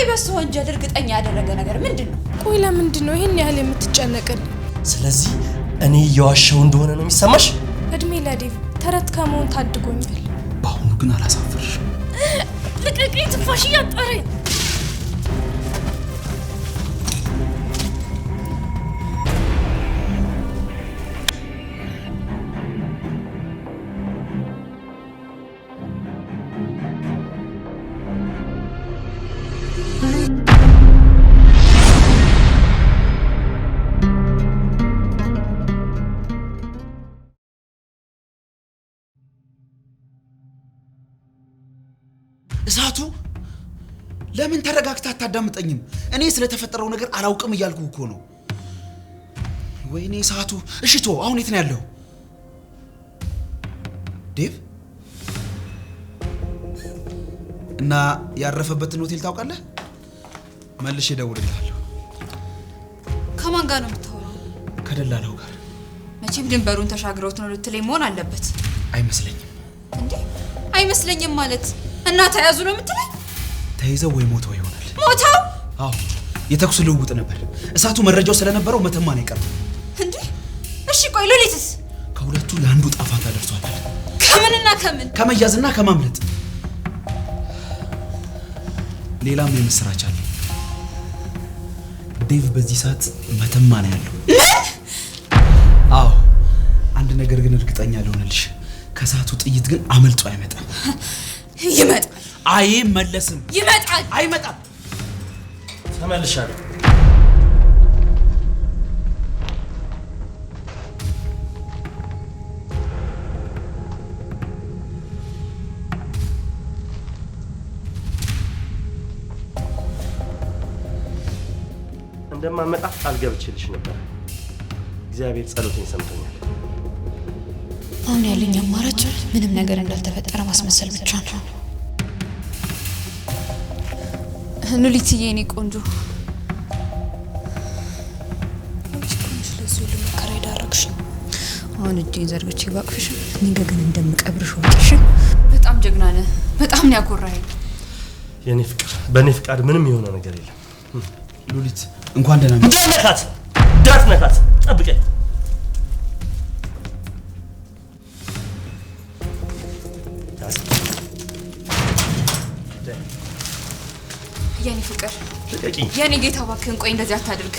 ቆይ በሱ ወንጀል እርግጠኛ ያደረገ ነገር ምንድን ነው? ቆይ ለምንድን ነው ይህን ያህል የምትጨነቅን? ስለዚህ እኔ እየዋሸው እንደሆነ ነው የሚሰማሽ? እድሜ ለዴቭ ተረት ከመሆን ታድጎኛል። በአሁኑ ግን አላሳፍርሽም። ልቅቅ፣ ትንፋሽ እያጠረኝ ለምን ተረጋግታ አታዳምጠኝም? እኔ ስለተፈጠረው ነገር አላውቅም እያልኩ እኮ ነው። ወይኔ ሰዓቱ። እሽቶ አሁን የት ነው ያለው ዴቭ? እና ያረፈበትን ሆቴል ታውቃለህ? መልሼ እደውልልሃለሁ። ከማን ጋር ነው የምታወራው? ከደላላው ጋር። መቼም ድንበሩን ተሻግረውት ነው ልትለኝ መሆን አለበት። አይመስለኝም። እንዴ አይመስለኝም ማለት እና ተያዙ ነው የምትለኝ? ተይዘው ወይ ሞተው ይሆናል። ሞተው? አዎ፣ የተኩስ ልውውጥ ነበር። እሳቱ መረጃው ስለነበረው መተማን አይቀርም። እንዴ! እሺ፣ ቆይ ሉሊትስ? ከሁለቱ ለአንዱ ጣፋት አደርሷታል። ከምንና ከምን? ከመያዝና ከማምለጥ። ሌላም የምስራች አለ። ዴቭ በዚህ ሰዓት መተማ ነው ያለው። አዎ፣ አንድ ነገር ግን እርግጠኛ ልሆንልሽ፣ ከሰዓቱ ጥይት ግን አመልጦ አይመጣም። ይመጣል። አይመለስም። ይመጣል። አይመጣም። ተመልሻለሁ። እንደማመጣ ቃል ገብቼልሽ ነበር። እግዚአብሔር ጸሎቴን ሰምቶኛል። አሁን ያለኝ አማራጭ ምንም ነገር እንዳልተፈጠረ ማስመሰል ብቻ ነው። ሉሊትዬ፣ የኔ ቆንጆ አሁን እጄን ዘርግቼ ባቅፍሽ ነገ ግን እንደምቀብርሽ ወጥሽ። በጣም ጀግና ነህ። በጣም ነው ያኮራኸኝ። የኔ ፍቅር፣ በእኔ ፍቃድ ምንም የሆነ ነገር የለም። ሉሊት እንኳን ደህና ነካት፣ ዳት ነካት፣ ጠብቀኝ ልቀቂኝ። የኔ ጌታ እባክህን ቆይ፣ እንደዚህ አታድርግ።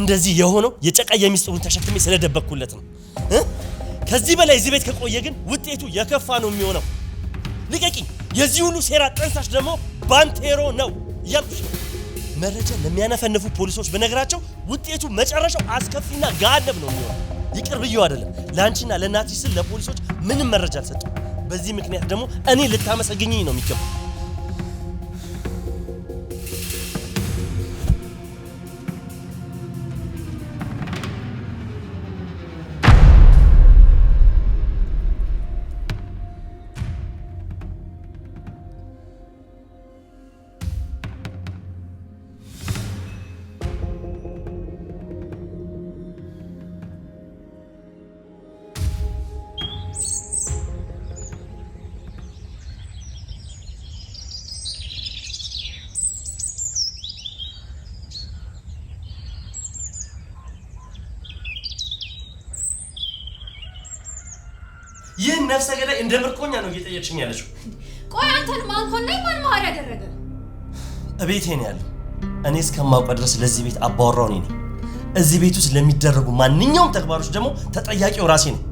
እንደዚህ የሆነው የጨቃየ ሚስጥሩን ተሸክሜ ስለደበቅኩለት ነው። ከዚህ በላይ እዚህ ቤት ከቆየ ግን ውጤቱ የከፋ ነው የሚሆነው። ልቀቂኝ። የዚህ ሁሉ ሴራ ጠንሳሽ ደግሞ ባንቴሮ ነው እያልኩሽ መረጃ ለሚያነፈንፉ ፖሊሶች በነገራቸው ውጤቱ መጨረሻው አስከፊና ጋለብ ነው የሚሆነው። ይቅር ብዬው አይደለም ለአንቺና ለናቲ ስል ለፖሊሶች ምንም መረጃ አልሰጠው። በዚህ ምክንያት ደግሞ እኔ ልታመሰግኝኝ ነው የሚገባው። ነፍሰ ገዳይ እንደ ምርኮኛ ነው እየጠየቅሽኝ ያለችው። ቆይ አንተን ማን ኮነኝ? ማን መሀሪ ያደረገ? እቤቴ ነው ያለው። እኔ እስከማውቀው ድረስ ለዚህ ቤት አባወራው እኔ ነኝ። እዚህ ቤት ውስጥ ለሚደረጉ ማንኛውም ተግባሮች ደግሞ ተጠያቂው ራሴ ነው።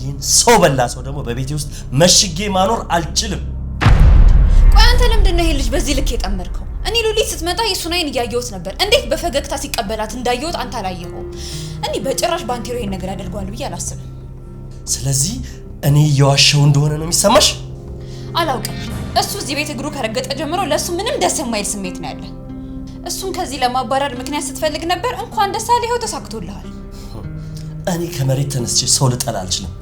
ይህን ሰው በላ ሰው ደግሞ በቤቴ ውስጥ መሽጌ ማኖር አልችልም። ቆይ አንተ ለምንድን ነው ይሄ ልጅ በዚህ ልክ የጠመድከው? እኔ ሉሊት ስትመጣ የሱን አይን እያየሁት ነበር። እንዴት በፈገግታ ሲቀበላት እንዳየሁት አንተ አላየኸውም። እኔ በጭራሽ ባንቴሮ ይሄን ነገር ያደርገዋል ብዬ አላስብም። ስለዚህ እኔ እየዋሸው እንደሆነ ነው የሚሰማሽ? አላውቅም። እሱ እዚህ ቤት እግሩ ከረገጠ ጀምሮ ለእሱ ምንም ደስ የማይል ስሜት ነው ያለ። እሱን ከዚህ ለማባረር ምክንያት ስትፈልግ ነበር። እንኳን ደስ አለህ፣ ይኸው ተሳክቶልሃል። እኔ ከመሬት ተነስቼ ሰው ልጠላ አልችልም።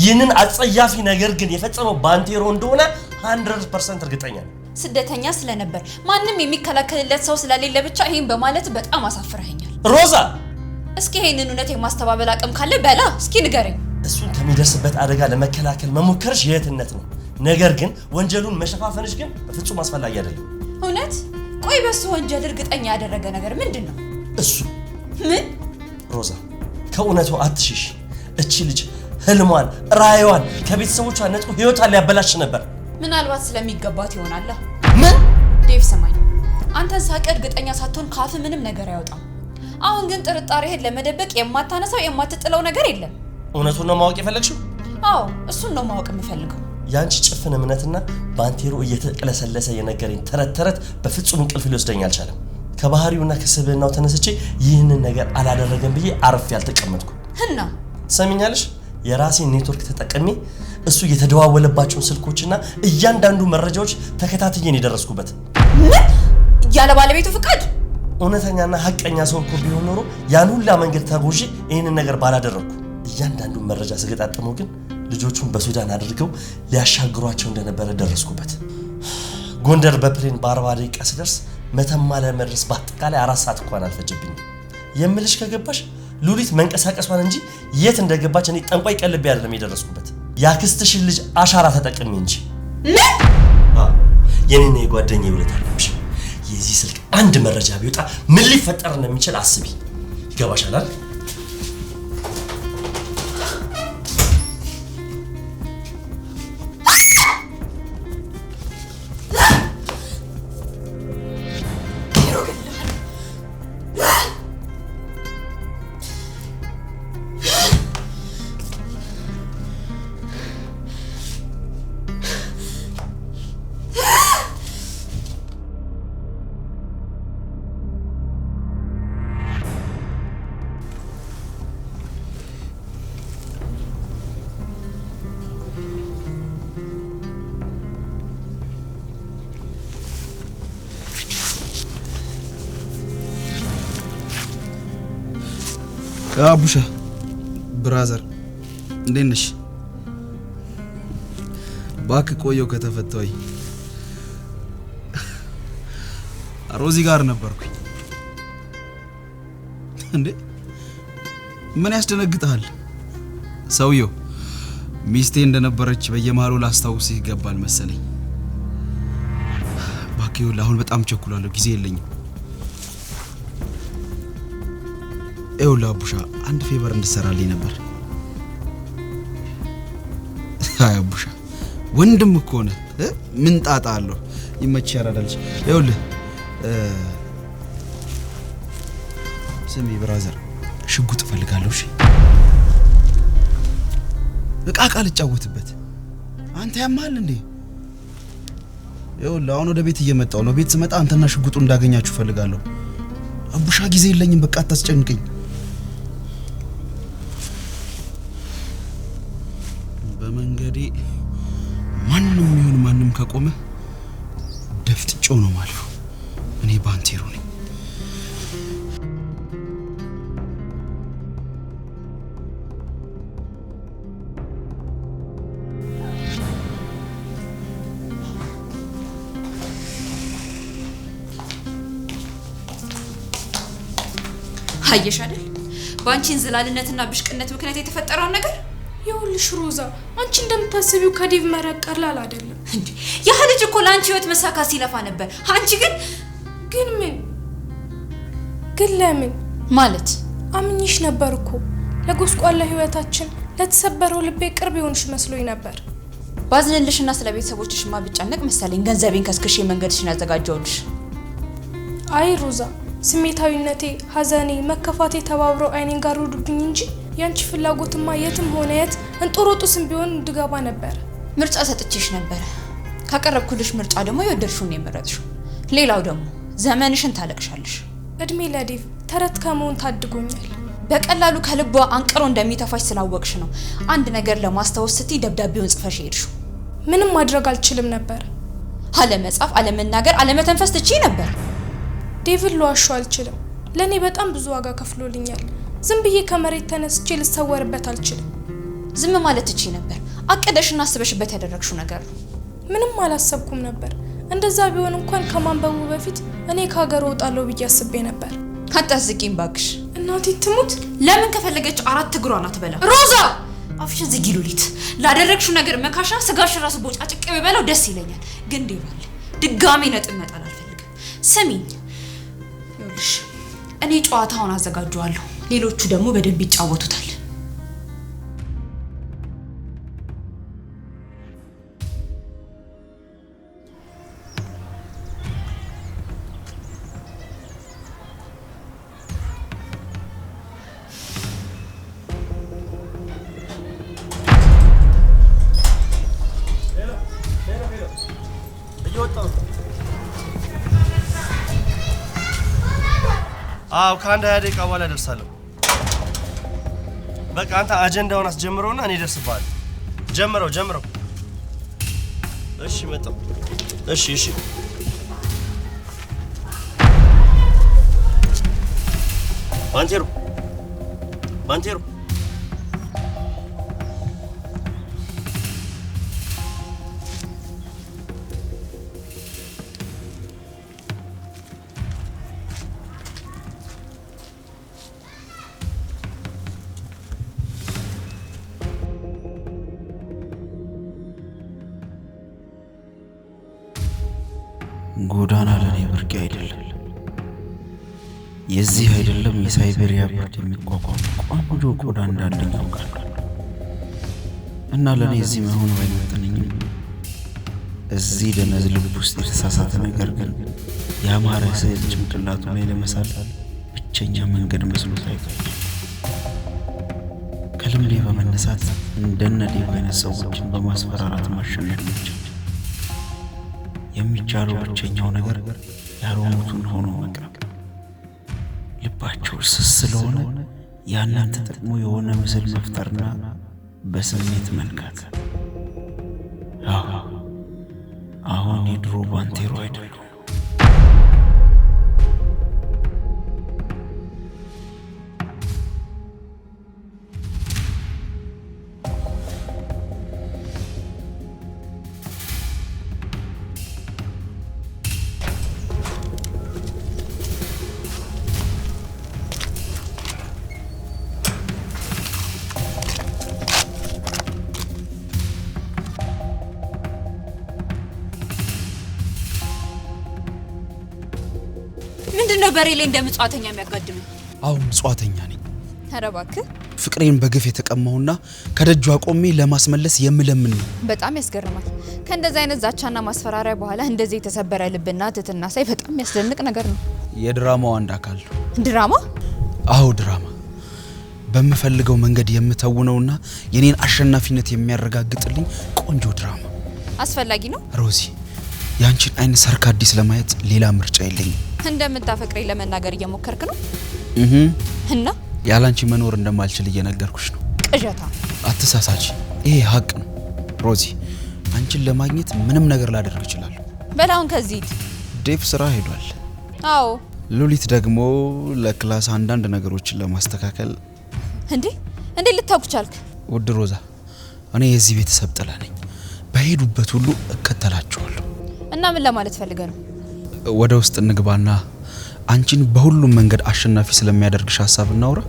ይህንን አጸያፊ ነገር ግን የፈጸመው ባንቴሮ እንደሆነ 100 ፐርሰንት እርግጠኛ ነው። ስደተኛ ስለነበር ማንም የሚከላከልለት ሰው ስለሌለ ብቻ ይህን በማለት በጣም አሳፍረኸኛል ሮዛ። እስኪ ይህንን እውነት የማስተባበል አቅም ካለ በላ እስኪ ንገረኝ። እሱን ከሚደርስበት አደጋ ለመከላከል መሞከርሽ የእህትነት ነው። ነገር ግን ወንጀሉን መሸፋፈንሽ ግን በፍጹም አስፈላጊ አይደለም። እውነት? ቆይ በሱ ወንጀል እርግጠኛ ያደረገ ነገር ምንድን ነው? እሱ ምን? ሮዛ ከእውነቱ አትሽሽ። እቺ ልጅ ህልሟን፣ ራዕይዋን ከቤተሰቦቿ ነጥቆ ህይወቷን ሊያበላሽ ነበር። ምናልባት ስለሚገባት ይሆናል። ምን? ዴቭ ሰማኝ፣ አንተን ሳቅ እርግጠኛ ሳትሆን ካፍ ምንም ነገር አይወጣም። አሁን ግን ጥርጣሬህን ለመደበቅ የማታነሳው የማትጥለው ነገር የለም። እውነቱን ነው ማወቅ የፈለግሽው? አዎ እሱን ነው ማወቅ የምፈልገው። የአንቺ ጭፍን እምነትና ባንቴሮ እየተቅለሰለሰ የነገረኝ ተረት ተረት በፍጹም እንቅልፍ ሊወስደኝ አልቻለም። ከባህሪውና ከስብህናው ተነስቼ ይህንን ነገር አላደረገም ብዬ አርፍ ያልተቀመጥኩ እና ሰሚኛለሽ የራሴን ኔትወርክ ተጠቅሜ እሱ የተደዋወለባቸውን ስልኮችና እያንዳንዱ መረጃዎች ተከታትዬን የደረስኩበት። ምን ያለ ባለቤቱ ፍቃድ? እውነተኛና ሀቀኛ ሰው እኮ ቢሆን ኖሮ ያን ሁላ መንገድ ተጉዤ ይህንን ነገር ባላደረግኩ እያንዳንዱን መረጃ ስገጣጥመው ግን ልጆቹን በሱዳን አድርገው ሊያሻግሯቸው እንደነበረ ደረስኩበት። ጎንደር በፕሌን በአርባ ደቂቃ ስደርስ መተማ ለመድረስ በአጠቃላይ አራት ሰዓት እንኳን አልፈጀብኝ። የምልሽ ከገባሽ ሉሊት መንቀሳቀሷን እንጂ የት እንደገባች እኔ ጠንቋይ ቀልቤ አይደለም የደረስኩበት። የአክስትሽን ልጅ አሻራ ተጠቅሜ እንጂ የኔና የጓደኛ ውለታ አለብሽ። የዚህ ስልክ አንድ መረጃ ቢወጣ ምን ሊፈጠር እንደሚችል አስቢ። ይገባሻላል? አቡሻ ብራዘር እንዴት ነሽ? ባክ ቆየው ከተፈታሁኝ ሮዚ ጋር ነበርኩኝ። እንዴ ምን ያስደነግጥሃል? ሰውየው ሚስቴ እንደነበረች በየመሃሉ ላስታውስ ይገባል መሰለኝ። እባክህ ይኸውልህ አሁን በጣም ቸኩላለሁ፣ ጊዜ የለኝም። ይኸውልህ አቡሻ አንድ ፌቨር እንድትሰራልኝ ነበር። አይ አቡሻ ወንድም እኮ ነህ፣ ምን ጣጣ አለሁ? ይመችህ ያራዳልሽ። ይኸውልህ ስሚ ብራዘር፣ ሽጉጥ እፈልጋለሁ። እሺ እቃ እቃ ልጫወትበት። አንተ ያማል እንዴ? ይኸውልህ አሁን ወደ ቤት እየመጣው ነው። ቤት ስመጣ አንተና ሽጉጡ እንዳገኛችሁ እፈልጋለሁ። አቡሻ ጊዜ የለኝም፣ በቃ አታስጨንቀኝ። አየሽ አይደል በአንቺ እንዝላልነትና ብሽቅነት ምክንያት የተፈጠረውን ነገር ይኸውልሽ ሮዛ፣ አንቺ እንደምታስቢው ከዴቭ መረቅ ቀላል አይደለም። እንዴ ያህ ልጅ እኮ ለአንቺ ህይወት መሳካት ሲለፋ ነበር። አንቺ ግን ግን ምን ግን ለምን ማለት አምኝሽ ነበር እኮ ለጎስቋላ ህይወታችን፣ ለተሰበረው ልቤ ቅርብ የሆንሽ መስሎኝ ነበር። ባዝንልሽና ስለ ቤተሰቦችሽ ብጨነቅ መሰለኝ ገንዘቤን ከስክሼ መንገድሽን ያዘጋጀውልሽ። አይ ሮዛ ስሜታዊነቴ፣ ሀዘኔ መከፋቴ ተባብረው አይኔን ጋር ሩዱብኝ እንጂ ያንቺ ፍላጎትማ የትም ሆነ የት እንጦሮጡስም ቢሆን እንድገባ ነበር ምርጫ ሰጥቼሽ ነበረ። ካቀረብኩልሽ ምርጫ ደግሞ የወደድሽውን ነው የመረጥሽው። ሌላው ደግሞ ዘመንሽን ታለቅሻለሽ። እድሜ ለዴቭ ተረት ከመሆን ታድጎኛል። በቀላሉ ከልቧ አንቅሮ እንደሚተፋሽ ስላወቅሽ ነው አንድ ነገር ለማስታወስ ስትይ ደብዳቤውን ጽፈሽ ሄድሽው። ምንም ማድረግ አልችልም ነበር። አለመጻፍ፣ አለመናገር፣ አለመተንፈስ ትቼ ነበር። ዴቪድ ሏሹ አልችልም። ለእኔ በጣም ብዙ ዋጋ ከፍሎልኛል። ዝም ብዬ ከመሬት ተነስቼ ልሰወርበት አልችልም። ዝም ማለት እቺ ነበር። አቅደሽና አስበሽበት ያደረግሽው ነገር ነው። ምንም አላሰብኩም ነበር። እንደዛ ቢሆን እንኳን ከማንበቡ በፊት እኔ ከሀገር እወጣለሁ ብዬ አስቤ ነበር። አታስቂኝ ባክሽ። እናቴ ትሙት። ለምን ከፈለገች አራት እግሯ ናት በላ። ሮዛ አፍሽን ዝጊ ሉሊት። ላደረግሽው ነገር መካሻ ስጋሽ ራሱ ቦጫ ጭቅ ብበለው ደስ ይለኛል፣ ግን ዴቫል ድጋሜ ነጥብ መጣል አልፈልግም። ስሚኝ ይኸውልሽ እኔ ጨዋታውን አዘጋጀዋለሁ፣ ሌሎቹ ደግሞ በደንብ ይጫወቱታል። አዎ ከአንድ ሀያ ደቂቃ በኋላ እደርሳለሁ። በቃ አንተ አጀንዳውን አስጀምረውና እኔ እደርስብሃለሁ። ጀምረው ጀምረው። እሺ መጣሁ። እሺ እሺ ባንቴሮ ባንቴሮ የዚህ አይደለም የሳይቤሪያ ብርድ የሚቋቋም ቆንጆ ቆዳ እንዳለኝ አውቃለሁ እና ለእኔ እዚህ መሆኑ አይመጥነኝም። እዚህ ደነዝ ልብ ውስጥ የተሳሳተ ነገር ግን የአማረ ስዕል ጭንቅላቱ ላይ ለመሳል ብቸኛ መንገድ መስሎት ታይቷል። ከልምዴ በመነሳት እንደነ ዴቭ አይነት ሰዎችን በማስፈራራት ማሸነፍ ይቻል። የሚቻለው ብቸኛው ነገር ያልሆኑትን ሆኖ መቅረብ ልባቸው ስስ ስለሆነ ያንን ተጠቅሞ የሆነ ምስል መፍጠርና በስሜት መንካት አሁን የድሮ ባንቴሮ አይደለም። በርበሬ ላይ እንደ ምጽዋተኛ የሚያጋድም አሁን ምጽዋተኛ ነኝ። ኧረ ፍቅሬን በግፍ የተቀማውና ከደጇ ቆሜ ለማስመለስ የምለምን ነው። በጣም ያስገርማል። ከእንደዚህ አይነት ዛቻና ማስፈራሪያ በኋላ እንደዚህ የተሰበረ ልብና ትትና ሳይ በጣም የሚያስደንቅ ነገር ነው። የድራማው አንድ አካል ድራማ? አዎ ድራማ። በምፈልገው መንገድ የምተውነውና የኔን አሸናፊነት የሚያረጋግጥልኝ ቆንጆ ድራማ አስፈላጊ ነው ሮዚ። ያንቺን አይን ሰርካዲስ ለማየት ሌላ ምርጫ የለኝም። እንደምታፈቅረኝ ለመናገር እየሞከርክ ነው እና ያላንቺ መኖር እንደማልችል እየነገርኩሽ ነው። ቅዠታ አትሳሳች፣ ይሄ ሀቅ ነው ሮዚ። አንቺን ለማግኘት ምንም ነገር ላደርግ እችላለሁ። በላሁን ከዚህ ዴፍ ስራ ሄዷል። አዎ ሉሊት ደግሞ ለክላስ አንዳንድ ነገሮችን ለማስተካከል እንዴ እንዴ ልታውቅ ቻልክ? ውድ ሮዛ፣ እኔ የዚህ ቤተሰብ ጥላ ነኝ። በሄዱበት ሁሉ እከተላቸዋለሁ። እና ምን ለማለት ፈልገ ነው? ወደ ውስጥ እንግባና አንቺን በሁሉም መንገድ አሸናፊ ስለሚያደርግሽ ሀሳብ እናውራ።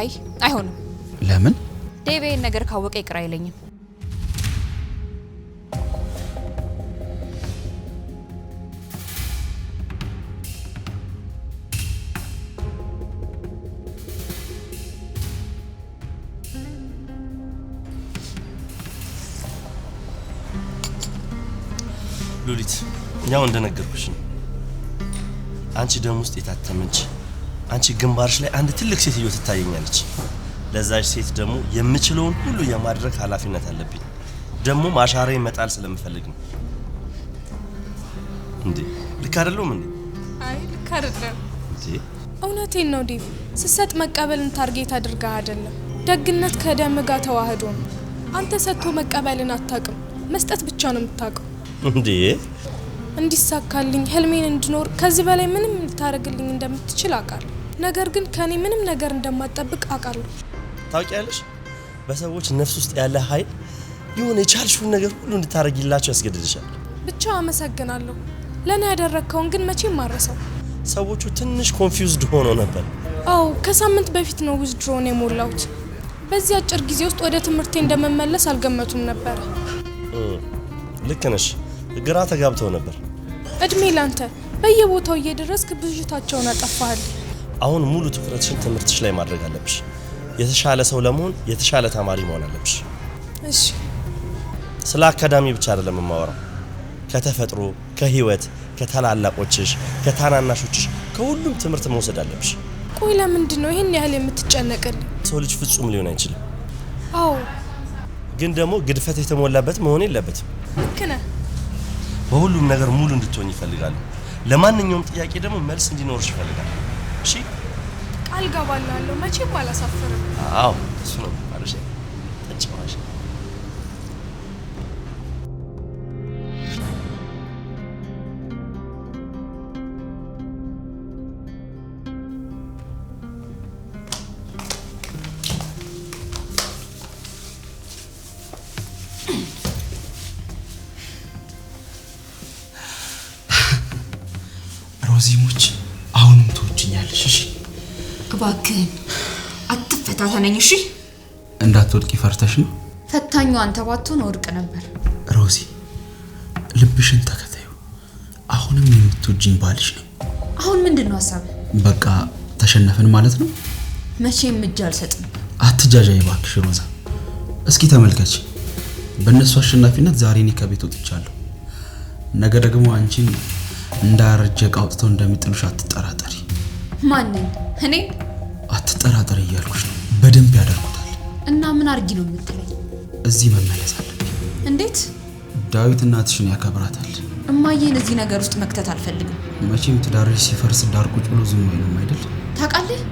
አይ አይሆንም። ለምን? ዴቬን ነገር ካወቀ ይቅር አይለኝም። ሉሊት ያው እንደነገርኩሽ ነው አንቺ ደም ውስጥ የታተመች አንቺ ግንባርሽ ላይ አንድ ትልቅ ሴትዮ ትታየኛለች። ለዛች ሴት ደግሞ የምችለውን ሁሉ የማድረግ ኃላፊነት አለብኝ። ደግሞ ማሻሬ መጣል ስለምፈልግ ነው። እንዴ ልክ አይደለሁም እንዴ? አይ ልክ አይደለም። እንዴ እውነቴን ነው ዴቭ። ስሰጥ መቀበልን ታርጌት አድርገህ አይደለም። ደግነት ከደም ጋር ተዋህዶ ነው። አንተ ሰጥቶ መቀበልን አታውቅም፣ መስጠት ብቻ ነው የምታውቀው። እንዴ እንዲሳካልኝ ህልሜን እንድኖር ከዚህ በላይ ምንም ልታደርግልኝ እንደምትችል አውቃለሁ። ነገር ግን ከኔ ምንም ነገር እንደማትጠብቅ አውቃለሁ። ታውቂያለሽ፣ በሰዎች ነፍስ ውስጥ ያለ ኃይል የሆነ የቻልሽውን ነገር ሁሉ እንድታደርጊላቸው ያስገድድሻል። ብቻ አመሰግናለሁ። ለእኔ ያደረግከውን ግን መቼም ማረሰው። ሰዎቹ ትንሽ ኮንፊውዝድ ሆኖ ነበር። አዎ ከሳምንት በፊት ነው ውዝድሮን የሞላሁት። በዚህ አጭር ጊዜ ውስጥ ወደ ትምህርቴ እንደመመለስ አልገመቱም ነበር። ልክ ነሽ፣ ግራ ተጋብተው ነበር። እድሜ ላንተ። በየቦታው እየደረስክ ብዥታቸውን አጠፋሃል። አሁን ሙሉ ትኩረትሽን ትምህርትሽ ላይ ማድረግ አለብሽ። የተሻለ ሰው ለመሆን የተሻለ ተማሪ መሆን አለብሽ። እሺ። ስለ አካዳሚ ብቻ አይደለም የማወራው፣ ከተፈጥሮ፣ ከህይወት፣ ከታላላቆችሽ፣ ከታናናሾችሽ፣ ከሁሉም ትምህርት መውሰድ አለብሽ። ቆይ ለምንድን ነው ይህን ያህል የምትጨነቅል? ሰው ልጅ ፍጹም ሊሆን አይችልም። አዎ፣ ግን ደግሞ ግድፈት የተሞላበት መሆን የለበትም። ልክ ነህ። በሁሉም ነገር ሙሉ እንድትሆኝ ይፈልጋሉ። ለማንኛውም ጥያቄ ደግሞ መልስ እንዲኖርሽ ይፈልጋል። እሺ፣ ቃል ገባላለሁ። መቼም አላሳፍርም። አዎ፣ እሱ ነው። ከዚህሞች አሁንም ትወጂኛለሽ። እሺ እባክህን አትፈታተነኝ። እሺ እንዳትወድቂ ፈርተሽ ነው። ፈታኙ አንተ ባትሆን ወድቅ ነበር። ሮዚ ልብሽን ተከታዩ። አሁንም የምትወጂኝ ባልሽ ነው። አሁን ምንድን ነው ሀሳብ? በቃ ተሸነፍን ማለት ነው። መቼም እጅ አልሰጥም። አትጃጃይ እባክሽ ሮዛ። እስኪ ተመልከች፣ በእነሱ አሸናፊነት ዛሬ እኔ ከቤት ወጥቻለሁ። ነገ ደግሞ አንቺን እንዳረጀ እቃ አውጥተው እንደሚጥሉሽ አትጠራጠሪ። ማንን? እኔ? አትጠራጠሪ እያልኩሽ ነው። በደንብ ያደርጉታል። እና ምን አድርጊ ነው የምትለኝ? እዚህ መመለስ አለብኝ። እንዴት? ዳዊት እናትሽን ያከብራታል። እማዬን እዚህ ነገር ውስጥ መክተት አልፈልግም። መቼም ትዳርሽ ሲፈርስ ዳር ቁጭ ብሎ ዝም አይልም አይደል? ታውቃለህ፣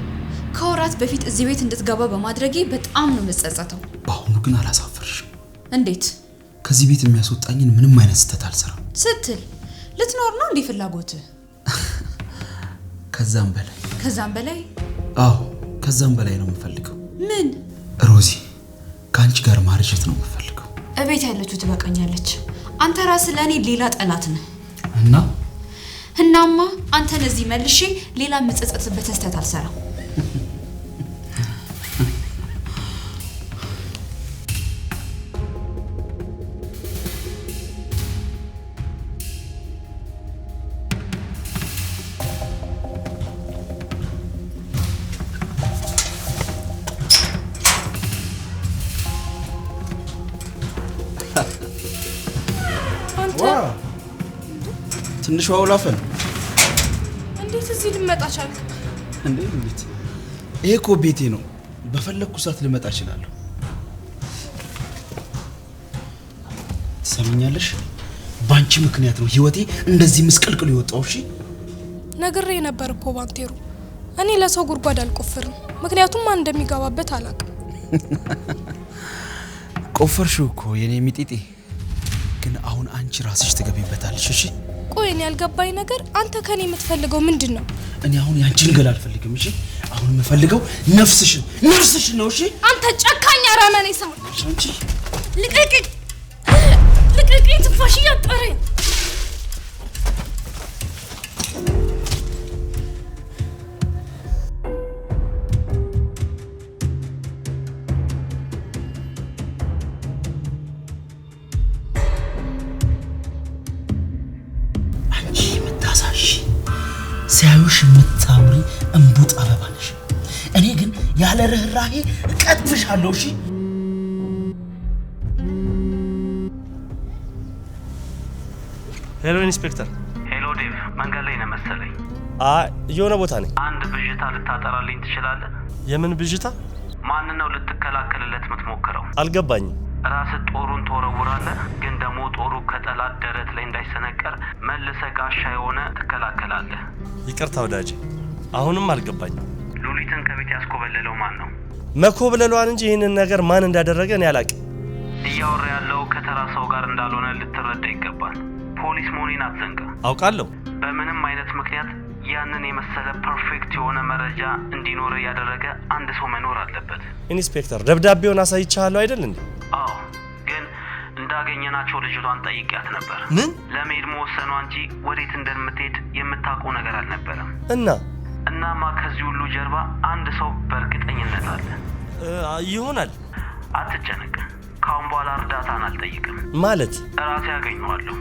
ከወራት በፊት እዚህ ቤት እንድትገባ በማድረጌ በጣም ነው የምጸጸተው። በአሁኑ ግን አላሳፈርሽም። እንዴት? ከዚህ ቤት የሚያስወጣኝን ምንም አይነት ስህተት አልሰራም ስትል ልትኖር ነው እንዲህ ፍላጎትህ? ከዛም በላይ ከዛም በላይ አዎ፣ ከዛም በላይ ነው የምፈልገው። ምን ሮዚ፣ ከአንቺ ጋር ማርጀት ነው የምፈልገው። እቤት ያለችው ትበቃኛለች። አንተ ራስ ለእኔ ሌላ ጠላት ነህ። እና እናማ አንተን እዚህ መልሼ ሌላ የምጸጸትበትን ስህተት አልሰራም። ትንሽ ውላፈን እንዴት እዚህ ልመጣ ቻልክ? እንዴ እንዴት? ይሄ እኮ ቤቴ ነው። በፈለግኩ ሰዓት ልመጣ እችላለሁ። ትሰምኛለሽ? ባንቺ ምክንያት ነው ህይወቴ እንደዚህ ምስቅልቅል የወጣው። እሺ ነግሬ ነበር እኮ ባንቴሩ፣ እኔ ለሰው ጉድጓድ አልቆፍርም፣ ምክንያቱም ማን እንደሚገባበት አላውቅም። ቆፈርሽው እኮ የኔ ሚጢጢ፣ ግን አሁን አንቺ ራስሽ ትገቢበታለሽ። እሺ ቆይ እኔ ያልገባኝ ነገር አንተ ከኔ የምትፈልገው ምንድን ነው? እኔ አሁን ያንቺን ገል አልፈልግም። እሺ አሁን የምፈልገው ነፍስሽን ነፍስሽን ነው። እሺ አንተ ጨካኝ አረመኔ ሰው! ልቀቂኝ! ልቀቂኝ! ትንፋሽ እያጠረኝ አንቺ የምታምሪ እምቡጥ አበባ ነሽ። እኔ ግን ያለ ርኅራሄ እቀጥፍሻለሁ። እሺ ሄሎ ኢንስፔክተር። ሄሎ ዴቭ፣ መንገድ ላይ ነው መሰለኝ። አይ የሆነ ቦታ ነኝ። አንድ ብዥታ ልታጠራልኝ ትችላለህ? የምን ብዥታ? ማን ነው ልትከላከልለት የምትሞክረው? አልገባኝም። ራስ ጦሩን ተወረውራለ ግን ደግሞ ጦሩ ከጠላት ደረት ላይ እንዳይሰነቀር መልሰ ጋሻ የሆነ ትከላከላለ። ይቅርታ ወዳጅ፣ አሁንም አልገባኝ። ሉሊትን ከቤት ያስኮበለለው ማን ነው? መኮብለሏን እንጂ ይህንን ነገር ማን እንዳደረገ እኔ አላቅም። እያወራ ያለው ከተራ ሰው ጋር እንዳልሆነ ልትረዳ ይገባል። ፖሊስ መሆኔን አትዘንጋ። አውቃለሁ። በምንም አይነት ምክንያት ያንን የመሰለ ፐርፌክት የሆነ መረጃ እንዲኖር ያደረገ አንድ ሰው መኖር አለበት። ኢንስፔክተር ደብዳቤውን አሳይቻለሁ አይደል እንዴ? አዎ፣ ግን እንዳገኘናቸው ልጅቷን ጠይቂያት ነበር። ምን ለመሄድ መወሰኗ እንጂ ወዴት እንደምትሄድ የምታውቀው ነገር አልነበረም። እና እናማ ከዚህ ሁሉ ጀርባ አንድ ሰው በእርግጠኝነት አለ። ይሆናል። አትጨነቅ። ካሁን በኋላ እርዳታን አልጠይቅም ማለት ራሴ ያገኘዋለሁ።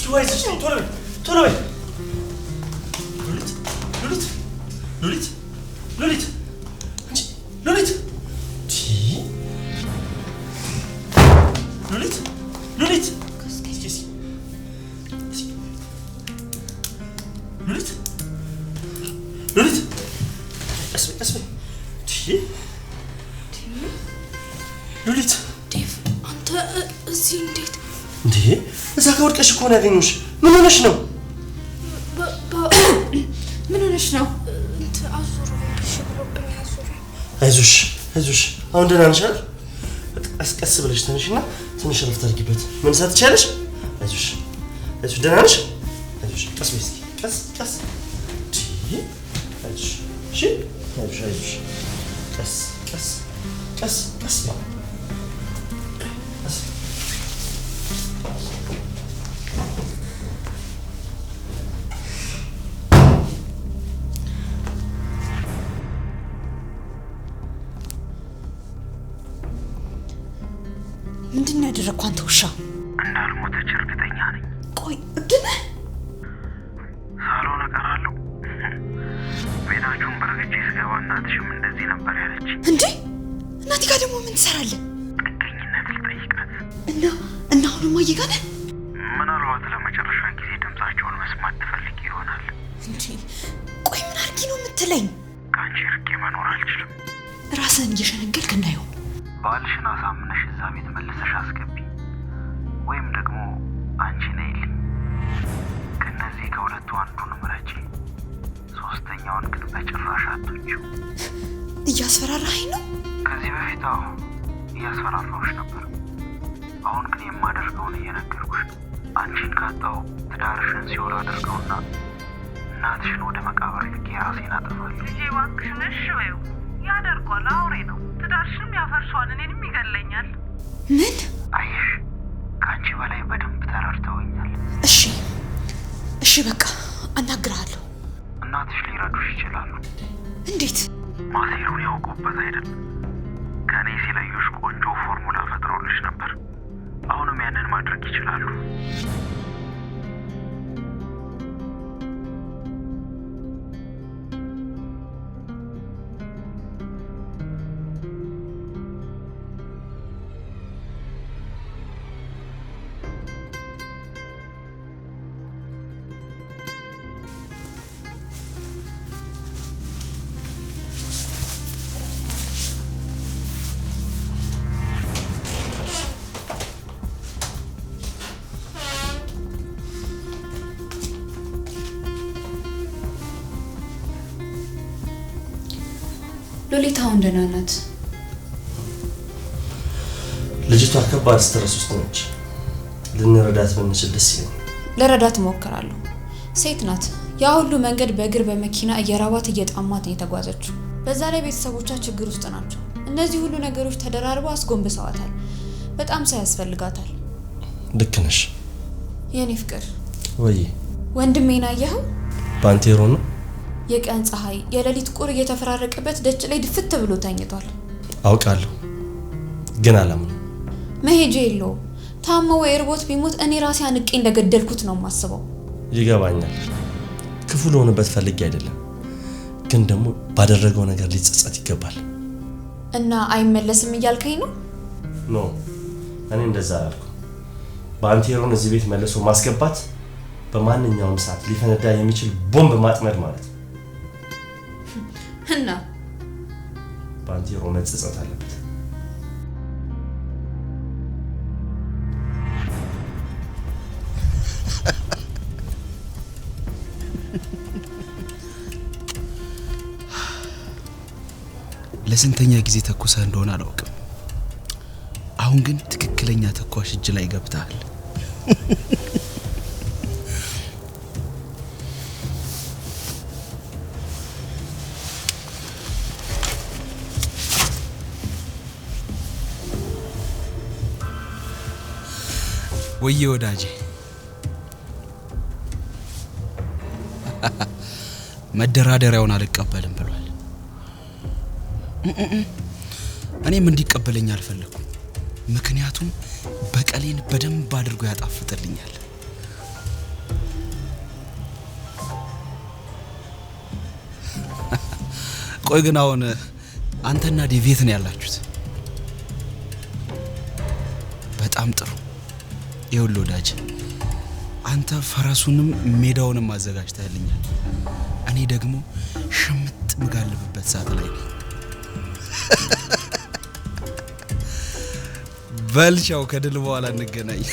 እስኪ ወይ ቶሎ በል ቶሎ በል ሉሊት ሉሊት ሉሊት ሉሊት ነው ያገኘሁሽ። ምን ሆነሽ ነው? ምን ሆነሽ ነው? አይዞሽ አይዞሽ፣ አሁን ደህና ነሽ አይደል? ቀስ ቀስ ብለሽ ትንሽና ትንሽ ረፍት አድርጊበት። መንሳት ትችያለሽ። አይዞሽ አይዞሽ፣ ደህና ነሽ? አይዞሽ፣ ቀስ በይ እስኪ፣ ቀስ ቀስ። አይዞሽ፣ አይዞሽ፣ ቀስ ቀስ ቀስ ቀስ ይሄኛውን ግን በጭራሽ አቶችው። እያስፈራራኸኝ ነው? ከዚህ በፊት አዎ እያስፈራራሁሽ ነበር። አሁን ግን የማደርገውን እየነገርኩሽ ነው። አንቺን ካጣው ትዳርሽን ሲወር አድርገውና እናትሽን ወደ መቃብር ልኬ ራሴን አጠፋለሁ። ልጄ እባክሽን እሺ በይው። ያደርጓል፣ አውሬ ነው። ትዳርሽንም ያፈርሷል፣ እኔንም ይገለኛል። ምን አየሽ? ከአንቺ በላይ በደንብ ተረድተውኛል። እሺ እሺ፣ በቃ አናግርሃለሁ። ይችላሉ። እንዴት ማሴሩን ያውቁበት አይደል? ከእኔ ሲለዩሽ ቆንጆ ፎርሙላ ፈጥረውልሽ ነበር። አሁንም ያንን ማድረግ ይችላሉ። ሎሊት አሁን ደህና ናት። ልጅቷ ከባድ ስትረስ ውስጥ ነች። ልንረዳት ብንችል ደስ ይለኛል። ለረዳት እሞክራለሁ። ሴት ናት። ያ ሁሉ መንገድ በእግር በመኪና እየራባት እየጣማት ነው የተጓዘችው። በዛ ላይ ቤተሰቦቿ ችግር ውስጥ ናቸው። እነዚህ ሁሉ ነገሮች ተደራርበው አስጎንብሰዋታል። በጣም ሰው ያስፈልጋታል። ልክ ነሽ የኔ ፍቅር። ወይ ወንድሜን አየኸው? ባንቴሮ ነው የቀን ፀሐይ የሌሊት ቁር እየተፈራረቀበት ደጅ ላይ ድፍት ብሎ ተኝቷል። አውቃለሁ ግን አላምነው። መሄጃ የለውም። ታሞ ወይ እርቦት ቢሞት እኔ ራሴ አንቄ እንደገደልኩት ነው የማስበው። ይገባኛል። ክፉ ለሆንበት ፈልጌ አይደለም፣ ግን ደግሞ ባደረገው ነገር ሊጸጸት ይገባል። እና አይመለስም እያልከኝ ነው? ኖ እኔ እንደዛ አላልኩ። በአንቴሮን እዚህ ቤት መልሶ ማስገባት በማንኛውም ሰዓት ሊፈነዳ የሚችል ቦምብ ማጥመድ ማለት ነው። እና መጸጸት አለበት። ለስንተኛ ጊዜ ተኩሰ እንደሆነ አላውቅም። አሁን ግን ትክክለኛ ተኳሽ እጅ ላይ ገብተሃል። ወዬ ወዳጄ መደራደሪያውን አልቀበልም ብሏል። እኔም እንዲቀበለኝ አልፈለኩም። ምክንያቱም በቀሌን በደንብ አድርጎ ያጣፍጥልኛል። ቆይ ግን አሁን አንተና ዴቪት ነው ያላችሁት? በጣም ጥሩ የሁሉ ወዳጅ አንተ ፈረሱንም ሜዳውንም አዘጋጅተህልኛል። እኔ ደግሞ ሽምጥ ምጋልብበት ሰዓት ላይ ነኝ። በልሻው ከድል በኋላ እንገናኝ።